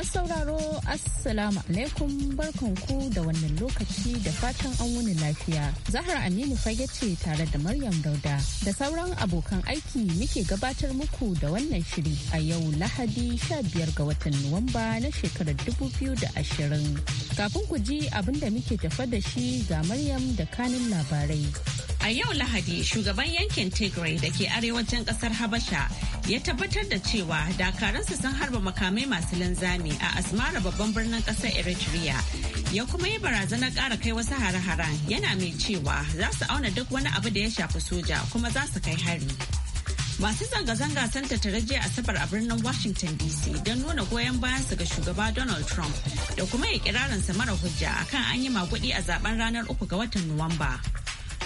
Masu sauraro Assalamu alaikum barkanku da wannan lokaci da fatan an wuni lafiya. Zahra Aminu fage ce tare da Maryam Dauda da sauran abokan aiki muke gabatar muku da wannan shiri a yau Lahadi 15 ga watan Nuwamba na shekarar 2020. Kafin ku ji abin da muke tafa da shi ga Maryam da kanin labarai. A yau Lahadi shugaban yankin Tigray da ke arewacin kasar Habasha ya tabbatar da cewa dakaransa sun harba makamai masu linzami a Asmara babban birnin kasar Eritrea. Ya kuma yi barazanar ƙara kai wasu hare-haren yana mai cewa za su auna duk wani abu da ya shafi soja kuma za su kai hari. Masu zanga-zanga sun tattara jiya Asabar a birnin Washington DC don nuna goyon bayan su ga shugaba Donald Trump da kuma ya kirarinsa mara hujja akan an yi maguɗi a zaben ranar uku ga watan Nuwamba.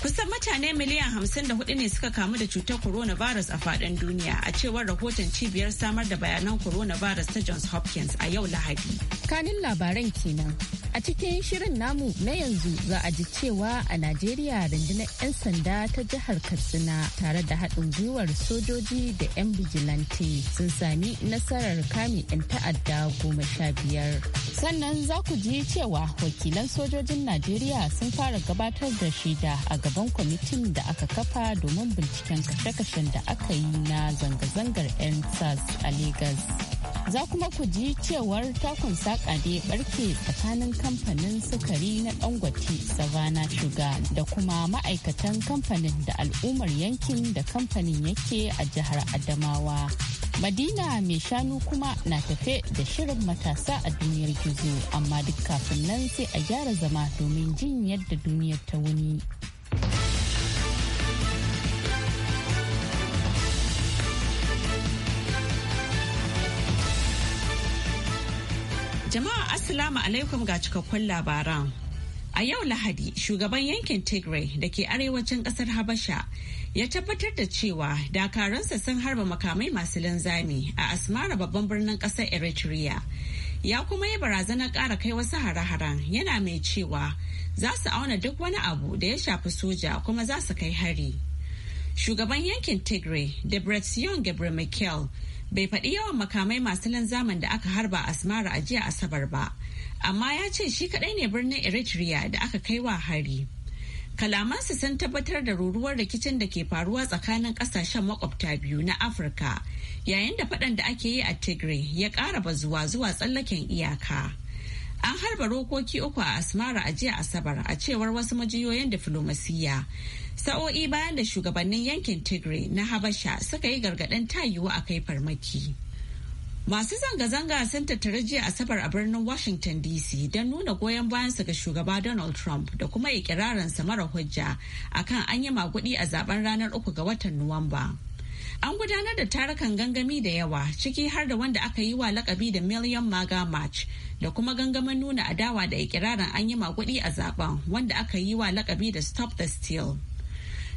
Kusan mutane miliyan hamsin da hudu ne suka kamu da cutar coronavirus a faɗin duniya a cewar rahoton cibiyar samar da bayanan coronavirus ta Johns Hopkins a yau Lahadi. Kanin labaran kenan. A cikin shirin namu na yanzu za a ji cewa a Najeriya rundunar 'yan sanda ta jihar Katsina tare da haɗin gwiwar sojoji da 'yan bijilante sun sami nasarar kame 'yan ta'adda goma sha biyar. Sannan za ku ji cewa wakilan sojojin Najeriya sun fara gabatar da shida a gaba? gaban kwamitin da aka kafa domin binciken kashe-kashen da aka yi na zanga-zangar 'yan sas a Legas. Za kuma ku ji cewar takun saƙa ne barke tsakanin kamfanin sukari na Dangote Savannah Sugar da kuma ma'aikatan kamfanin da al'ummar yankin da kamfanin yake a jihar Adamawa. Madina mai shanu kuma na tafe da shirin matasa a duniyar gizo amma duk kafin nan sai a gyara zama domin jin yadda duniyar ta wuni. Jama'a Assalamu alaikum ga cikakkun labaran. A yau Lahadi, shugaban yankin Tigray da ke arewacin kasar Habasha ya tabbatar da cewa dakaransa sun harba makamai masu linzami a Asmara babban birnin kasar Eritrea. Ya kuma yi barazanar ƙara kai wasu hare-haren yana mai cewa za su auna duk wani abu da ya shafi soja kuma za su kai hari. Shugaban yankin Tigray, Debretsion Gabriel Michael bai faɗi yawan makamai masu nan zaman da aka harba asmara a jiya asabar ba amma ya ce shi kaɗai ne birnin eritrea da aka kai wa hari kalamansu sun tabbatar da ruruwar rikicin da ke faruwa tsakanin ƙasashen makwabta biyu na afirka yayin da faɗan da ake yi a tigray ya ƙara bazuwa zuwa tsallaken iyaka An harba rokoki uku a Asmara a jiya Asabar a cewar wasu majiyoyin diflomasiyya. Sa'o'i bayan da shugabannin yankin Tigray na Habasha suka yi gargaɗin tayiwa a kai farmaki. Masu zanga-zanga sun tattara jiya Asabar a birnin Washington DC don nuna goyon bayansa ga shugaba Donald Trump da kuma ikirarinsa mara hujja akan an yi maguɗi a zaben ranar uku ga watan Nuwamba. An gudanar da tarukan gangami da yawa ciki har da wanda aka yi wa lakabi da Million Maga March da kuma gangamin nuna adawa da ikirarin an yi maguɗi a zaben wanda aka yi wa lakabi da Stop the Steal.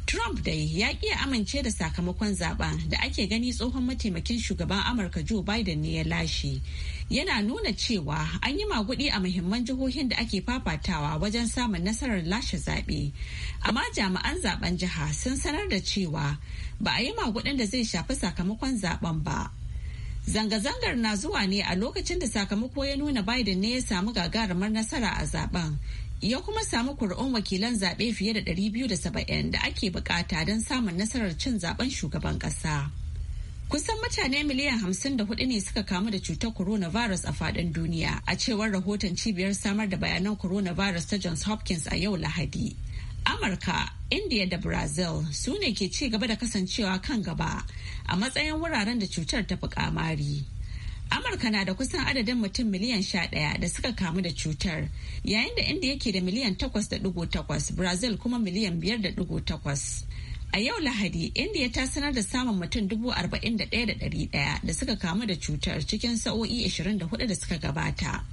Trump dai ya iya amince da sakamakon zaɓen da ake gani tsohon mataimakin shugaban Amurka Joe Biden ne ya lashe. Yana nuna cewa an yi maguɗi a muhimman jihohin da ake fafatawa wajen samun nasarar lashe zaɓe. Amma jami'an zaɓen jiha sun sanar da cewa ba a yi maguɗin da zai shafi sakamakon zaɓen ba. Zanga-zangar na zuwa ne a lokacin da sakamako ya nuna Biden ne ya samu gagarumar nasara a zaben ya kuma samu kuri'un wakilan zaɓe fiye da 270 da ake bukata don samun nasarar cin zaben shugaban ƙasa. Kusan mutane miliyan hamsin da hudu ne suka kamu da cutar coronavirus a faɗin duniya, a cewar rahoton cibiyar samar da bayanan coronavirus ta Johns Hopkins a yau Lahadi. Amurka, India da Brazil su ne ke ci gaba da kasancewa kan gaba a matsayin wuraren da cutar ta fi kamari. Amurka na da kusan adadin mutum miliyan sha ɗaya da suka kamu da cutar, yayin da inda yake da miliyan takwas da ɗigo takwas, Brazil kuma miliyan biyar da ɗigo takwas. A yau Lahadi, India ta sanar da samun mutum dubu arba'in da ɗaya da ɗari ɗaya da suka kamu da cutar cikin sa'o'i ashirin da hudu da suka gabata.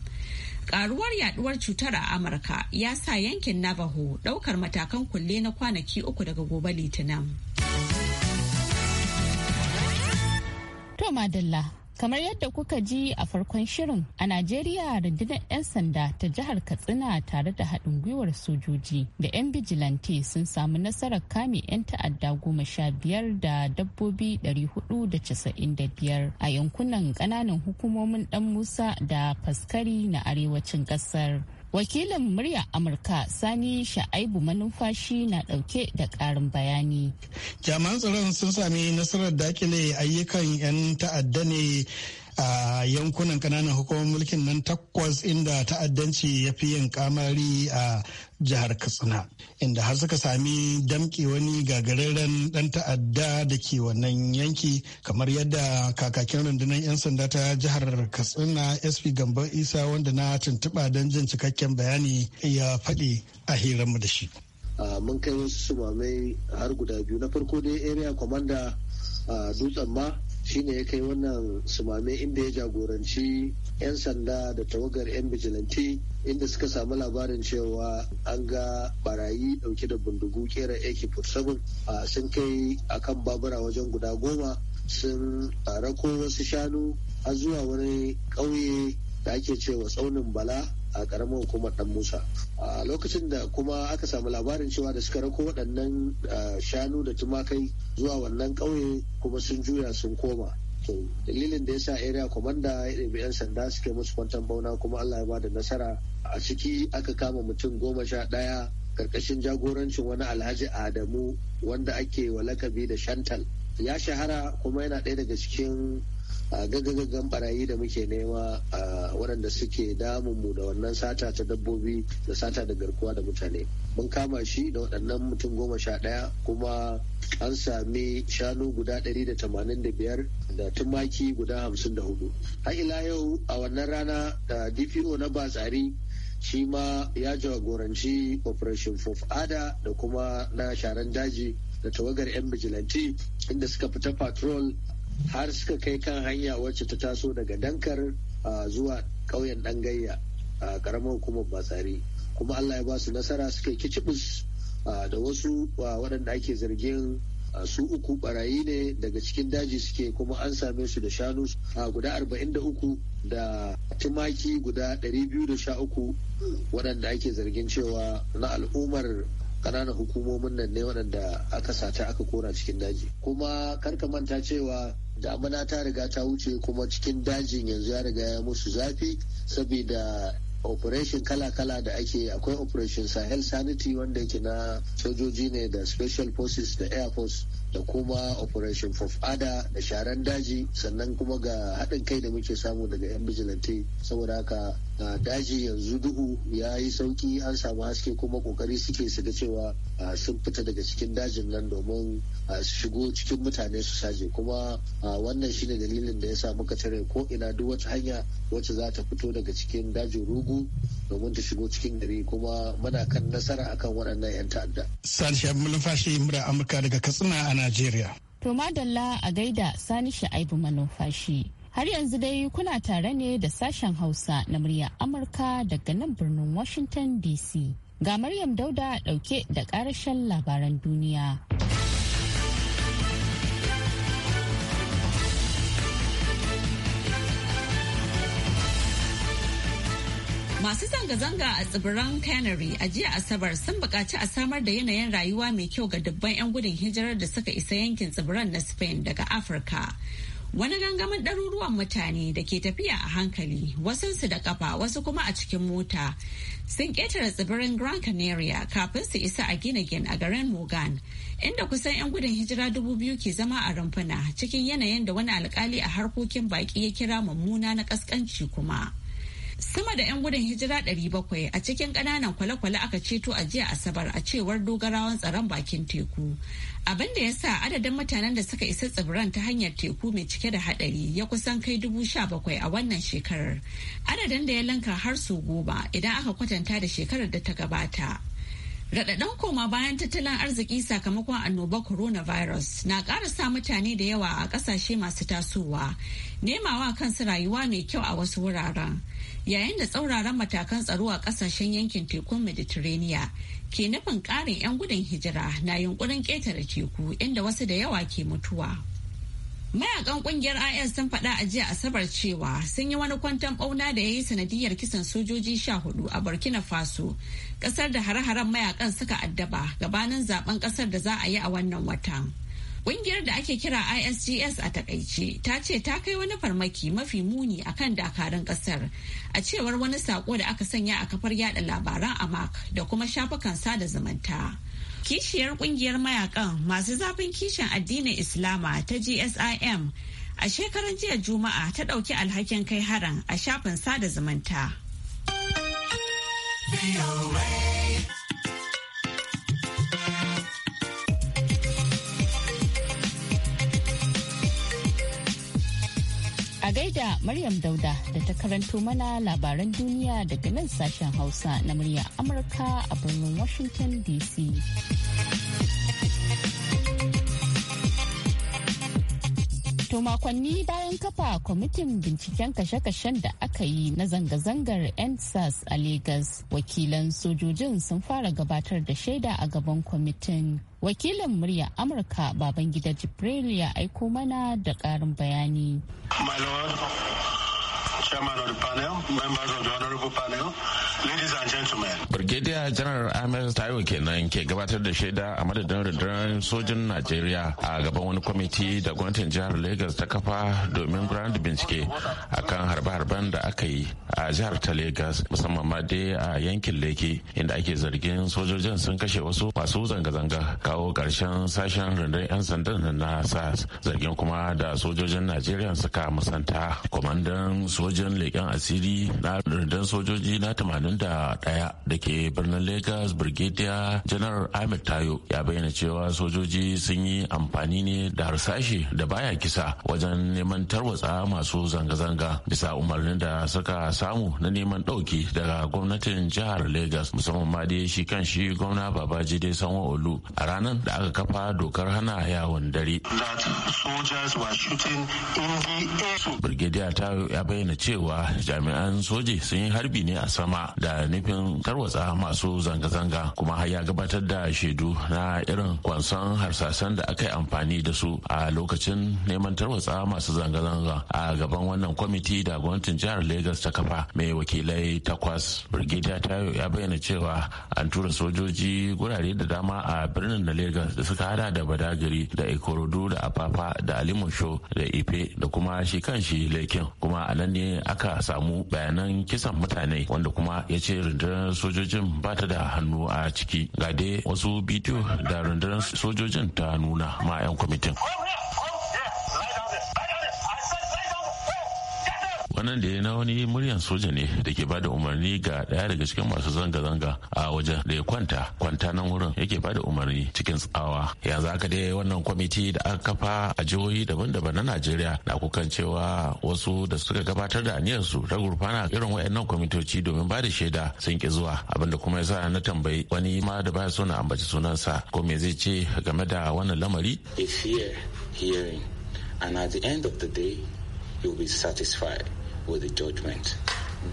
Karuwar yaduwar cutar a Amurka ya sa yankin Navajo ɗaukar matakan kulle na kwanaki uku daga gobe Litinin. To Madalla, Kamar yadda kuka ji a farkon shirin a Najeriya rundunar 'yan sanda ta jihar Katsina tare da haɗin gwiwar sojoji da 'yan bijilante sun samu nasarar kame 'yan ta'adda goma sha biyar da dabbobi ɗari da da hudu casa'in biyar a yankunan ƙananan hukumomin ɗan Musa da Faskari na arewacin ƙasar. wakilin murya amurka sani sha'aibu manumfashi na dauke da karin bayani jami'an tsaron sun sami nasarar dakile ayyukan 'yan ta'adda ne a yankunan kananan hukumar mulkin nan takwas inda ta'addanci ya fi yin kamari a jihar katsina inda har suka sami damke wani gagararren dan ta'adda da ke wannan yanki kamar yadda kakakin rundunar 'yan sanda ta jihar katsina sp Gambo isa wanda na tuntuɓa don jin cikakken bayani ya faɗi a hiranmu da shi mun kai wasu sumamai har guda biyu na farko dai area commander dutsen ma shine ya kai wannan sumame inda ya jagoranci 'yan sanda da tawagar 'yan bijilanti inda suka samu labarin cewa an ga barayi dauke da bindigu kera ak-47 sun kai akan babura wajen guda goma sun rako wasu shanu har zuwa wani ƙauye da ake cewa tsaunin bala a karamar hukumar dan musa a lokacin da kuma aka samu labarin cewa da suka rako waɗannan shanu da tumakai zuwa wannan ƙauye kuma sun juya sun koma dalilin da yasa area commander ya ɗabi 'yan sanda suke musu kwantan bauna kuma allah ya bada nasara a ciki aka kama mutum goma sha ɗaya karkashin jagorancin wani alhaji adamu wanda ake wa lakabi da shantal ya shahara kuma yana ɗaya daga cikin a gaggagaggan barayi da muke nema a waɗanda suke damun mu da wannan sata ta dabbobi da sata da garkuwa da mutane mun kama shi da waɗannan mutum goma sha ɗaya kuma an sami shanu guda ɗari da tamanin da biyar da tumaki guda hamsin da hudu har ila yau a wannan rana da dpo na batsari shi ma ya jagoranci operation Fof ada da kuma na sharan daji da tawagar 'yan bijilanti inda suka fita patrol har suka kai kan hanya wacce ta taso daga dankar zuwa ƙauyen dangayya a ƙaramar hukumar batsari kuma allah ya ba su nasara suka yi kicibis da wasu waɗanda ake zargin su uku barayi ne daga cikin daji suke kuma an same su da shanu guda 43 da tumaki guda 213 waɗanda ake zargin cewa na al'ummar ƙananan hukumomin nan ne waɗanda aka sata aka kora cikin daji kuma karka manta cewa damuna ta riga ta wuce kuma cikin dajin yanzu ya riga ya musu zafi saboda operation kala-kala da ake akwai operation sahel sanity wanda yake na sojoji ne da special forces da air force da kuma operation fofada da sharan daji sannan kuma ga haɗin kai da muke samu daga 'yan vigilante saboda haka daji yanzu duhu ya yi sauki an samu haske kuma kokari suke su ga cewa sun fita daga cikin dajin nan domin su shigo cikin mutane su saje kuma wannan shine dalilin da ya sa muka tare ko ina duk wata hanya wacce za ta fito daga cikin dajin rugu domin ta shigo cikin gari kuma muna kan nasara akan waɗannan 'yan ta'adda. Sani Shabi Mura Amurka daga Katsina a Najeriya. To Madalla a gaida Sani Sha'ibu Manumfashi. Har yanzu dai kuna tare ne da sashen Hausa na murya Amurka daga nan birnin Washington DC. Ga Maryam Dauda dauke da karashen labaran duniya. Masu zanga-zanga a tsibiran Canary a jiya Asabar sun buƙaci a samar da yanayin rayuwa mai kyau ga dubban 'yan gudun hijirar da suka isa yankin tsibiran na Spain daga Afirka. Wani gangamin ɗaruruwan mutane da ke tafiya a hankali, wasansu da ƙafa, wasu kuma a cikin mota. Sun ƙetare tsibirin Grand Canaria kafin su isa a gine-gin a garin Mogan, inda kusan 'yan gudun hijira dubu biyu ke zama a rumfuna cikin yanayin da wani alkali a harkokin baƙi ya kira mummuna na ƙasƙanci kuma. Sama da 'yan gudun hijira 700 a cikin ƙananan kwale-kwale aka ceto a jiya Asabar a cewar dogarawan tsaron bakin teku. Abin da ya sa adadin mutanen da suka isa tsibiran ta hanyar teku mai cike da haɗari ya kusan kai dubu sha bakwai a wannan shekarar. Adadin da ya lanka har su goma idan aka kwatanta da shekarar da ta gabata. Raɗaɗin koma bayan tattalin arziki sakamakon annobar coronavirus na ƙara sa mutane da yawa a ƙasashe masu tasowa nemawa kansu rayuwa mai kyau a wasu wuraren. yayin da tsauraran matakan tsaro a kasashen yankin tekun mediterania ke nufin karin 'yan gudun hijira na yunkurin ƙetare teku inda wasu da yawa ke mutuwa mayakan kungiyar is sun faɗa a jiya asabar cewa sun yi wani kwanton ɓauna da ya yi sanadiyar kisan sojoji sha hudu a burkina faso ƙasar da hare-haren mayakan suka addaba gabanin zaben ƙasar da za a yi a wannan watan Ƙungiyar da ake kira ISGS a takaice ta ce ta kai wani farmaki mafi muni a kan dakarun ƙasar a cewar wani sako da aka sanya a kafar yada labaran amak da kuma shafukan sada zumunta. Kishiyar ƙungiyar mayakan masu zafin kishin addinin Islama ta GSIM a shekaran jiya Juma'a ta ɗauki alhakin kai haran a shafin sada zumunta. gaida Maryam Dauda da ta karanto mana labaran duniya daga nan sashen Hausa na murya Amurka a birnin Washington DC. To makonni bayan kafa kwamitin binciken kashe-kashen da aka yi na zanga-zangar nsas a Legas, wakilan sojojin sun fara gabatar da shaida a gaban kwamitin. Wakilin murya Amurka Babangida Jibril ya aiko mana da ƙarin bayani. my Lord, Chairman of the panel, members of the Honorable Panel, Ladies and gentlemen. Brigadier General Ahmed Taiwo kenan ke gabatar da shaida a madadin rundunar sojin Najeriya a gaban wani kwamiti da gwamnatin jihar Lagos ta kafa domin gudanar da bincike akan harbe-harben da aka yi a jihar ta Lagos musamman ma dai a yankin Lekki inda ake zargin sojojin sun kashe wasu masu zanga-zanga kawo karshen sashen rundunar 'yan sandan na SAS zargin kuma da sojojin Najeriya suka musanta. Kwamandan sojin leƙen asiri na rundunar sojoji na 80 81 da ke birnin Lagos Brigadier General Ahmed Tayo ya bayyana cewa sojoji sun yi amfani ne da harsashi da baya kisa wajen neman tarwatsa masu zanga-zanga bisa umarnin da suka samu na neman ɗauki daga gwamnatin jihar Lagos musamman ma dai shi kan shi gwamna Babajide sanwa olu a ranar da aka kafa dokar hana yawon dare. Brigadier Tayo ya bayyana cewa jami'an soji sun yi harbi ne a sama da nufin tarwatsa masu zanga-zanga kuma har ya gabatar da shaidu na irin kwanson harsasan da aka yi amfani da su a lokacin neman tarwatsa masu zanga-zanga a gaban wannan kwamiti da gwamnatin jihar Legas ta kafa mai wakilai takwas. Brigadier Tayo ya bayyana cewa an tura sojoji gurare da dama a birnin na Legas da suka hada da Badagiri da Ikorodu da Afafa da Alimosho da Ife da kuma shi kan shi Lekin kuma a nan ne aka samu bayanan kisan mutane wanda kuma ya ce rundunar sojojin ba ta da hannu a ciki ga dai wasu bidiyo da rundunar sojojin ta nuna ma 'yan kwamitin. wannan da ya na wani muryan soja ne da ke bada umarni ga daya daga cikin masu zanga-zanga a wajen da ya kwanta kwanta nan wurin yake bada umarni cikin tsawa yanzu haka dai wannan kwamiti da aka kafa a jihohi daban-daban na najeriya na kukan cewa wasu da suka gabatar da aniyarsu ta gurfana irin wayannan kwamitoci domin ba da shaida sun ki zuwa abin da kuma yasa na tambayi wani ma da baya so na ambaci sunansa ko me zai ce game da wannan lamari a here, hearing, and at the end of the day, you'll be satisfied. with the judgment.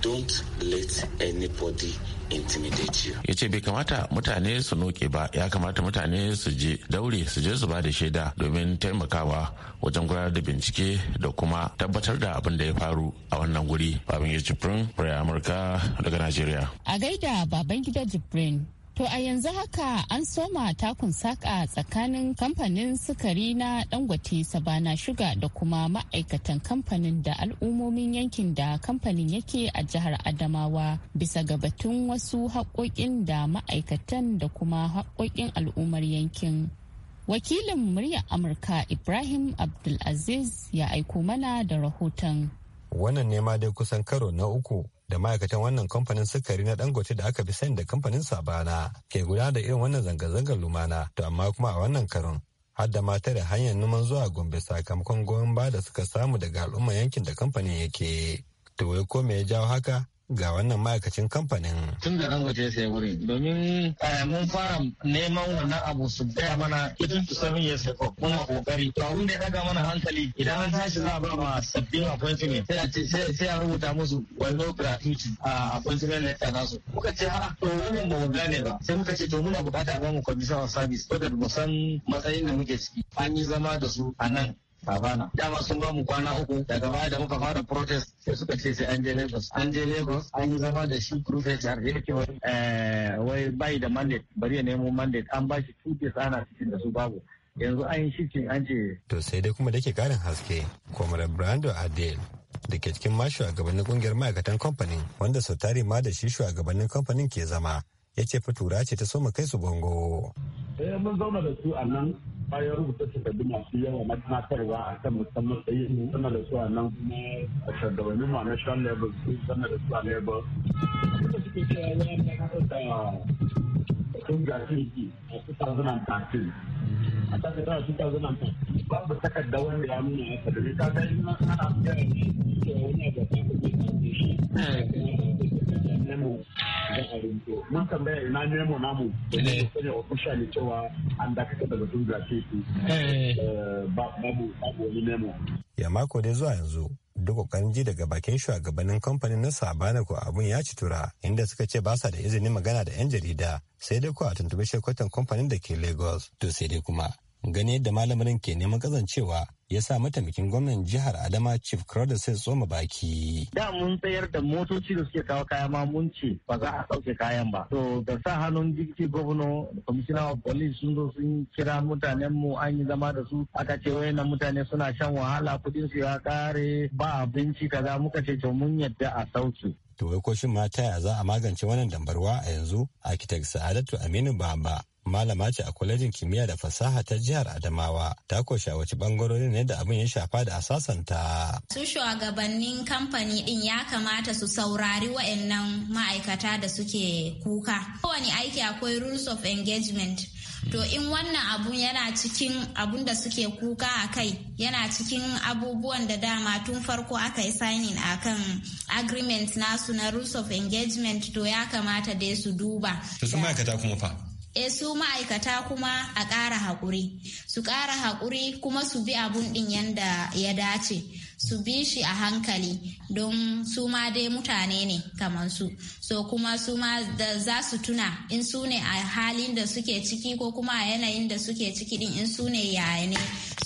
Don't let anybody intimidate you. Ya bai kamata mutane su noke ba, ya kamata mutane su je daure su je su ba da shaida domin taimakawa wajen gudanar da bincike da kuma tabbatar da abin da ya faru a wannan guri. Babin ya Jibrin, Amurka daga Najeriya. A gaida baban gida Jibrin. To a yanzu haka an soma takun saka tsakanin kamfanin sukari na dangote sabana shuga da kuma ma'aikatan kamfanin da al'ummomin yankin da kamfanin yake a jihar Adamawa bisa ga batun wasu haƙoƙin da ma'aikatan da kuma haƙoƙin al'ummar yankin. Wakilin Murya Amurka Ibrahim Abdulaziz ya aiko mana da rahoton. Wannan nema dai kusan karo na uku da ma'aikatan wannan kamfanin sukari na dangote da aka fi sani da kamfanin sabana ke guda da irin wannan zanga-zangar lumana to amma kuma a wannan karon har da mata da hanyar numan zuwa gombe sakamakon goyon ba da suka samu daga al'umma yankin da kamfanin yake to wai ko me ya jawo haka ga wannan ma'aikacin kamfanin. Tun da Dangote sai wuri domin eh, mun fara neman wannan abu su gaya mana idan su sami ya sai kuma kokari. To abin da ya daga mana hankali idan an tashi za a ba ma sabbin akwai sai a sai a rubuta musu wani gratuity a appointment ta nasu. Muka ce ha, ah, to wannan ba mu gane ba sai muka ce to muna bukata ba mu sabis. service da mu san matsayin da muke ciki. An yi zama da su a nan Savana. Dama sun ba mu kwana uku daga baya da muka fara protest sai suka ce sai an je Lagos. An je Lagos an yi zama da shi proof HR da yake eh, wai bai da mandate bari ya nemo mandate an ba shi two days ana cikin da su babu. Yanzu an yi shifting an ce. To sai dai kuma da ke karin haske, Comrade Brando Adel da ke cikin ma shugabannin kungiyar ma'aikatan kamfanin wanda sautari ma da shi shugabannin kamfanin ke zama ya ce fitura ce ta soma kai su bango. Eh mun zauna da su a nan bayan rubuta takardu masu yawa matanatarwa a kan musamman tsaye sana da su a nan a shugabannin ma na shan level sana su a da suke cewa ya da a babu takarda wanda ya nuna ta kai da cewa wani da ta shi eh. mun tambaya ina nemo namu da eh. ne dakatar da eh. Eh, ya mako dai zuwa yanzu duk kokarin ji daga bakin shugabannin kamfanin na sabanako abun ya ci tura inda suka ce ba sa da izinin magana da yan jarida sai dai ko a tuntubi shekwatan kamfanin da ke lagos to sai dai kuma gane da malamarin ke neman kazancewa ya sa mataimakin gwamnan jihar adama chief crowder sai tsoma baki da mun tsayar da motoci da suke kawo kaya ma mun ce ba za a sauke kayan ba to da sa hannun jirgin gwamna commissioner of police sun zo sun kira mutanen mu an yi zama da su aka ce na mutane suna shan wahala kudin su ya kare ba abinci kaza muka ce to mun yadda a sauke to wai ko shin ma ta za a magance wannan dambarwa a yanzu architect sa'adatu aminu baba malama ce a kwalejin kimiyya da fasaha ta jihar adamawa ta ko shawarci bangarorin ne da abin ya shafa da asasanta su shugabannin kamfani din ya kamata su saurari wa'annan ma'aikata da suke kuka kowane aiki akwai rules of engagement to in wannan abun yana cikin abun da suke kuka a kai yana cikin abubuwan da dama tun farko aka yi signing a kan agreement nasu na rules of engagement to ya kamata dai su duba. To su ma'aikata kuma fa? e su ma'aikata kuma a ƙara haƙuri su ƙara haƙuri kuma su bi abun ɗin yadda ya dace su bi shi a hankali don su ma dai mutane ne kamar su so kuma su ma da za su tuna in su ne a halin da suke ciki ko kuma a yanayin da suke ciki ɗin in su ne yaya ne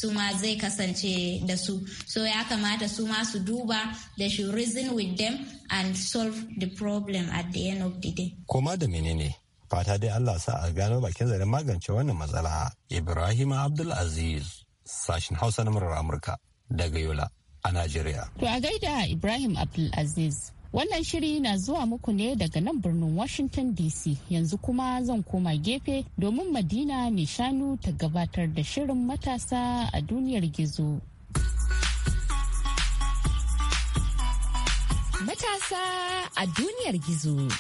su ma zai kasance da su so ya kamata su ma su duba da shi reason with them and solve the problem at the end of the day koma da menene fata dai Allah sa a gano bakin zaren magance wannan matsala Ibrahim Abdulaziz sashin Hausa na murar Amurka daga Yola a Najeriya. To a gaida Ibrahim abdul Abdulaziz wannan shiri na zuwa muku ne daga nan birnin Washington DC yanzu kuma zan koma gefe domin Madina mai shanu ta gabatar da shirin matasa a duniyar gizo. Matasa a duniyar gizo.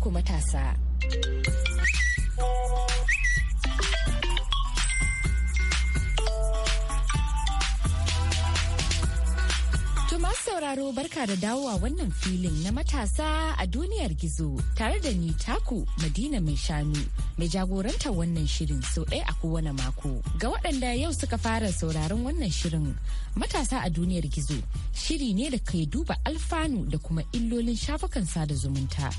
ku matasa. sauraro barka da dawowa wannan filin na matasa a duniyar gizo tare da ni taku madina mai shanu mai jagorantar wannan shirin sau ɗaya a kowane mako ga waɗanda yau suka fara sauraron wannan shirin matasa a duniyar gizo shiri ne da kai duba alfanu da kuma illolin shafukan sada zumunta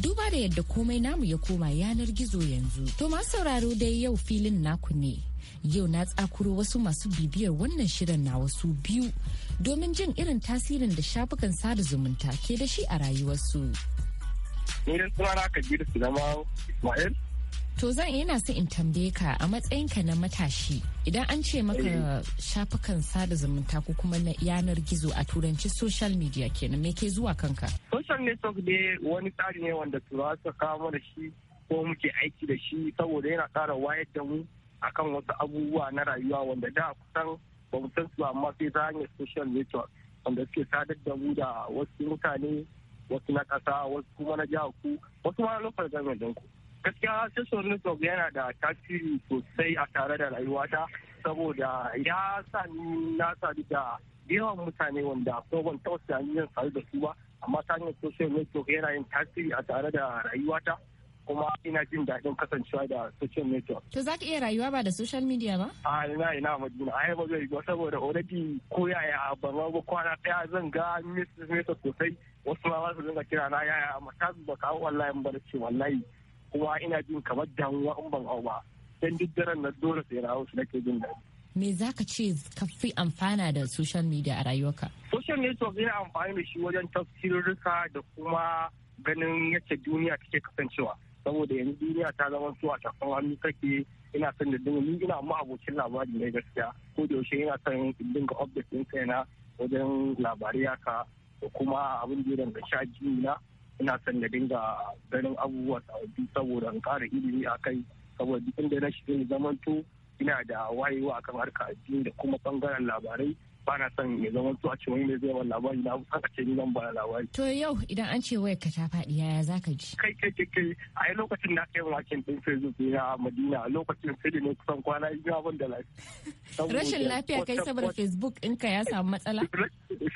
duba da yadda komai namu ya koma yanar gizo yanzu. To masu sauraro dai yau filin naku ne. Yau na tsakuro wasu masu bibiyar wannan shirin na wasu biyu domin jin irin tasirin da shafukan sada zumunta ke da shi a rayuwarsu. Ni da Kabiru Sulaiman Ismail To zan yana so in tambaye ka a matsayinka na matashi idan an ce maka shafukan sada zumunta ko kuma na yanar gizo a turanci social media kenan me ke zuwa kanka? Social network ne wani tsari ne wanda turawa suka kawo da shi ko muke aiki da shi saboda yana ƙara wayar da mu akan wasu abubuwa na rayuwa wanda da kusan ba mu san su amma sai ta hanyar social network wanda suke sadar da mu da wasu mutane wasu na ƙasa wasu kuma na jihar ku wasu ma lokacin government ku. gaskiya social network yana da tasiri sosai a tare da rayuwata saboda ya sa ni na sadu da yawan mutane wanda ko ban taɓa tunanin sadu da su ba amma ta hanyar social network yana yin tasiri a tare da rayuwata kuma ina jin daɗin kasancewa da social network. To za ka iya rayuwa ba da social media ba? A ina ina madina ai ba zai saboda already ko yaya ban ba kwana ɗaya zan ga message sosai wasu ma ba su dinga kira na yaya amma ta ba kawo wallahi ba barci wallahi kuma ina jin kamar damuwa in ban a'u ba dan duk daren na dole sai rawo su nake jin daɗi. me za ka ce ka fi amfana da social media a rayuwarka? social network yana amfani da shi wajen tafsirurruka da kuma ganin yadda duniya take kasancewa saboda yanzu duniya ta zama su a tafin hannu kake ina son da dinga ni ina ma abokin labari mai gaskiya ko da yaushe ina son in dinga update ɗin kaina wajen labarai haka da kuma abin da ya danganci na ina son na dinga ganin abubuwa sababbi saboda in ƙara ilimi a kai saboda duk inda na shiga zamanto ina da wayewa akan harka addini da kuma bangaren labarai ba na son ya zama to a ce wani zai wa labari na san a ce ni zan ba labari. To yau idan an ce wayar ka ta faɗi yaya za ka ji? Kai kai kai kai a yi lokacin na kai wakin ɗin Facebook ne a Madina lokacin sai da ne kusan kwana n'a abin da lafiya. Rashin lafiya kai saboda Facebook ɗinka ya samu matsala?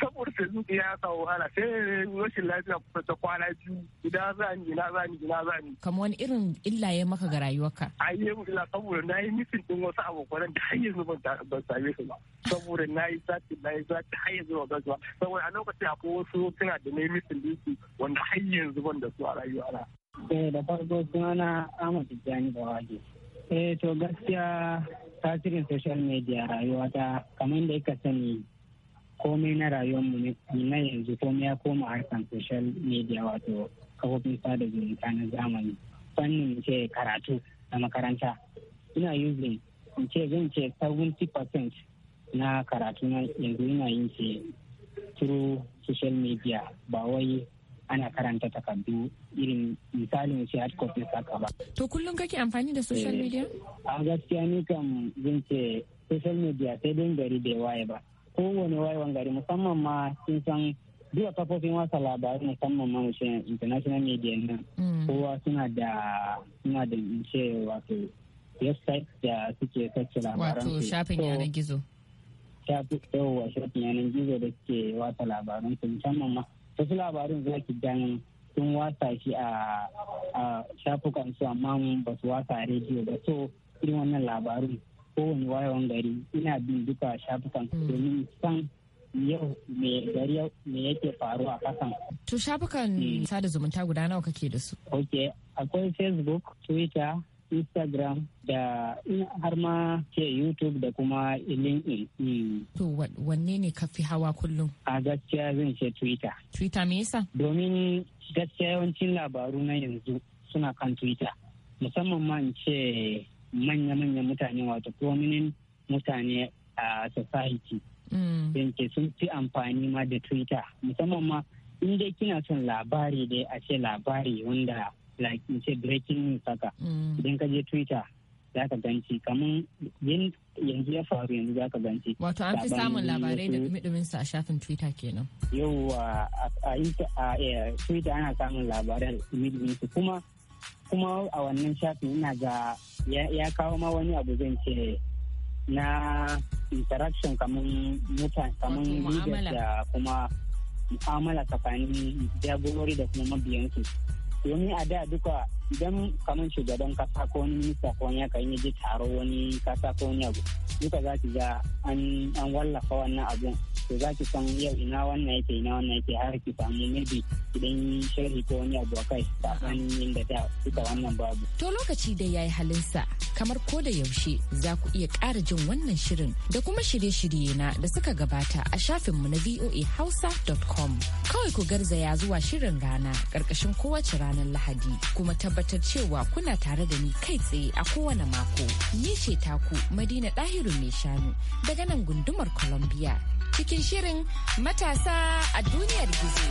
Saboda Facebook ya samu wahala sai rashin lafiya kusa ta kwana biyu ina za ni ina za ni ina za ni. Kamar wani irin illa ya maka ga rayuwarka? A yi illa saboda na yi nufin ɗin wasu abokanan da har yanzu ban same su ba. Saboda na yi za ta bayan za ta har yanzu ba zuwa saboda a lokacin akwai wasu suna da nemi sindisi wanda har yanzu ban da su a rayuwa na. Eh da farko suna na Ahmad Tijjani Bawage. Eh to gaskiya tasirin social media rayuwa ta kamar da yaka sani komai na rayuwarmu na yanzu komai ya koma harkar social media wato kafofin sada zumunta na zamani fannin ce karatu na makaranta ina using in ce zan ce 70% na karatu na yanzu yana yin shi through social media ba wai ana karanta takardu irin misalin shi hard copy saka ba. To kullum kake amfani da social eh, media? A gaskiya ni kam zan ce social media sai dai gari bai waye ba. Kowane wani gari musamman ma sun san duka kafofin wasa labarai musamman ma mushe international media nan. Mm. Kowa suna da suna da mushe wato website da suke kacce labaran. Wato shafin yanar gizo. ta fi tsawo shafin yanar gizo da suke wata labarin su musamman ma wasu labarun za ki dan sun wasa shi a shafukan su amma mun ba su wasa rediyo ba so irin wannan labarun kowane wayawan gari ina bin duka shafukan mm. domin san yau me gari me yake faru a kasan. To shafukan mm. sada zumunta guda nawa kake da su? Ok, akwai Facebook, Twitter, instagram da har ma ke youtube da kuma linkedin hmm. to wanne ne ka fi hawa kullum a gaskiya zan ce twitter twitter me yasa domin gaskiya yawancin labaru na yanzu suna kan twitter musamman ma in ce manya-manyan mutane wato prominent mutane a society ke hmm. sun fi amfani ma da twitter musamman ma in kina son labari dai a ce labari wanda like in ce breaking news haka mm. idan ka je twitter za ka ganci kamar yin yanzu ya faru yanzu za ka ganci wato an fi samun labarai da dumi sa a shafin twitter kenan yauwa a eh, twitter ana samun labarai dumi su kuma kuma a wannan shafin ina ga ya kawo ma wani abu zan ce na interaction kamar mutane kamar leaders da kuma mu'amala tsakanin jagorori da kuma mabiyansu domin a da duka idan kamar shugaban kasa ko wani minista ko wani yakan yi taro wani kasa ko wani abu duka za ki ga an wallafa wannan abun to za ki san yau ina wannan yake ina wannan yake har ki samu maybe idan sharhi ko wani abu kai tsakanin inda ta duka wannan babu. To lokaci da yi halinsa kamar ko da yaushe za ku iya ƙara jin wannan shirin da kuma shirye-shirye na da suka gabata a shafinmu na voahausa.com. Kawai ku garzaya zuwa shirin rana ƙarƙashin kowace ranar Lahadi kuma ta tabbatar cewa kuna tare da ni kai tsaye a kowane mako. Ni ce taku Madina Dahiru mai shanu daga nan gundumar Columbia cikin shirin matasa a duniyar gizo.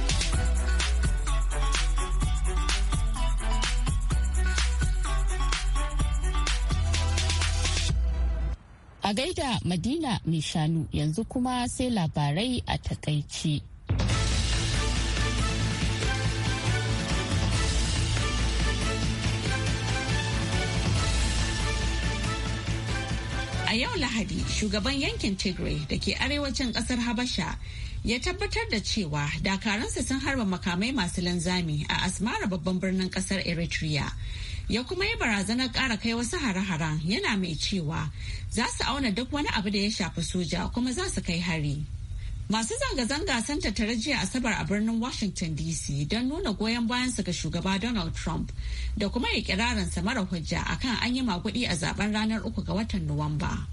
A gaida Madina mai shanu yanzu kuma sai labarai a takaici. a yau Lahadi shugaban yankin Tigray da ke arewacin kasar Habasha ya tabbatar da cewa dakaransa sun harba makamai masu linzami a Asmara babban birnin kasar Eritrea. Ya kuma yi barazanar kara kai wasu hare-haren yana mai cewa za su auna duk wani abu da ya shafi soja kuma za su kai hari. Masu zanga-zanga sun tattara jiya Asabar a birnin Washington DC don nuna goyon bayansu ga shugaba Donald Trump da kuma ikirarinsa mara hujja akan an yi maguɗi a zaben ranar uku ga watan Nuwamba.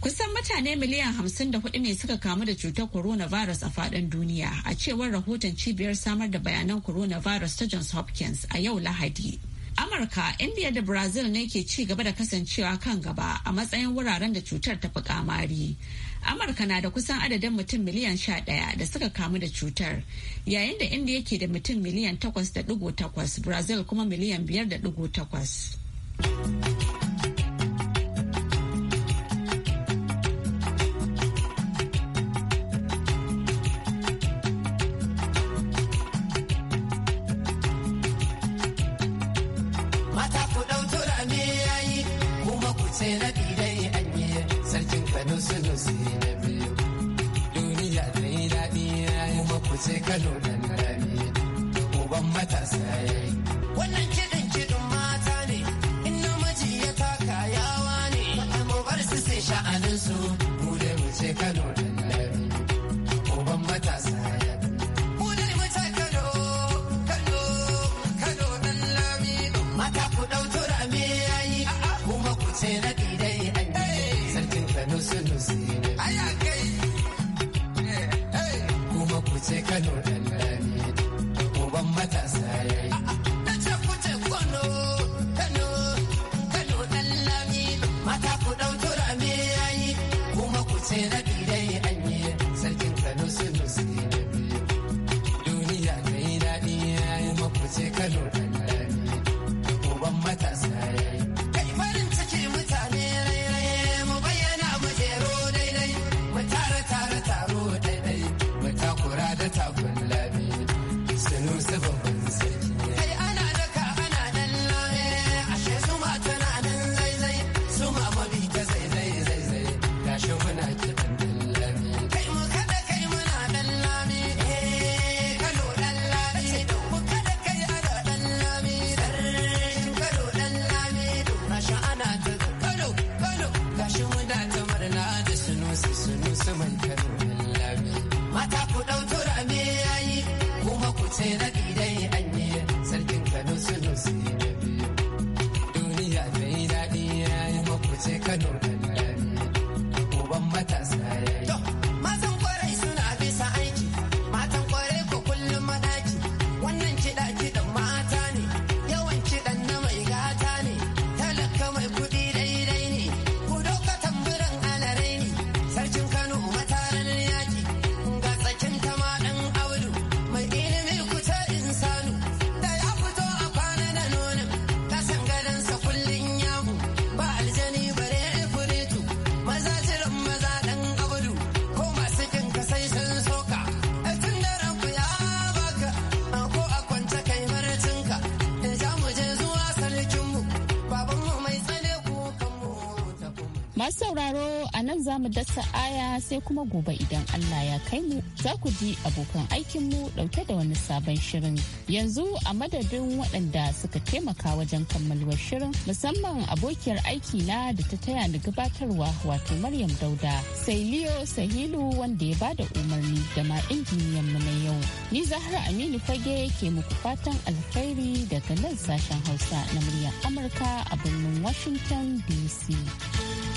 Kusan mutane miliyan hamsin da hudu ne suka kamu da cutar coronavirus a faɗin duniya a cewar rahoton cibiyar samar da bayanan coronavirus ta Johns Hopkins a yau Lahadi. Amurka, India da Brazil ne ke ci gaba da kasancewa kan gaba a matsayin wuraren da cutar ta fi kamari. amurka na da kusan adadin mutum miliyan sha ɗaya da suka kamu da cutar yayin da inda yake da mutum miliyan takwas da ɗigo takwas brazil kuma miliyan biyar da ɗigo takwas Kano. Masu sauraro a nan za mu dasa aya sai kuma gobe idan Allah ya kai mu za ku ji abokan aikinmu dauke da wani sabon shirin. Yanzu a madadin waɗanda suka taimaka wajen kammaluwar shirin musamman abokiyar aiki na da ta taya ni gabatarwa wato Maryam Dauda. Sai Leo Sahilu wanda ya bada umarni da ma injiniyan mu na yau. Ni Zahra Aminu Fage ke muku fatan alkhairi daga nan sashen Hausa na muryar Amurka a birnin Washington DC.